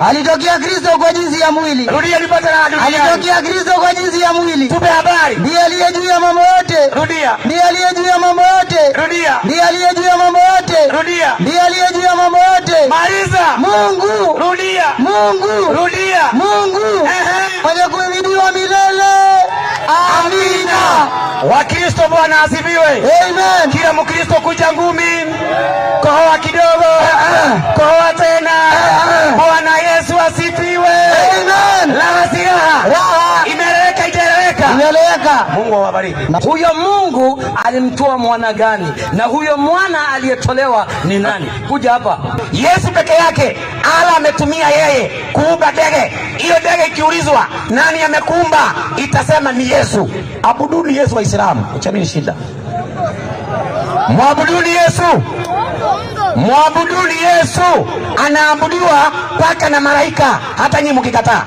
Alitokea Kristo kwa jinsi ya mwili. Rudia nipate na dunia. Alitokea Kristo kwa jinsi ya mwili. Tupe habari. Ndiye aliye juu ya mambo yote. Rudia. Ndiye aliye juu ya mambo yote. Rudia. Ndiye aliye juu ya mambo yote. Rudia. Ndiye aliye juu ya mambo yote. Maliza. Mungu. Rudia. Mungu. Rudia. Mungu. Ehe. Mwenye kuhimidiwa milele. Amina. Wakristo Bwana asifiwe. Amen. Kila Mkristo kuja ngumi. Kwa haki raha imeleweka, itaeleweka, imeleweka. Mungu awabariki. Na huyo Mungu alimtoa mwana gani? Na huyo mwana aliyetolewa ni nani? Kuja hapa. Yesu peke yake ala ametumia yeye kuumba dege. Hiyo dege ikiulizwa nani amekuumba, itasema ni Yesu. Abuduni Yesu, Waislamu uchamini shida, mwabuduni Yesu. Mwabuduni Yesu, anaabudiwa mpaka na malaika, hata nyinyi mkikataa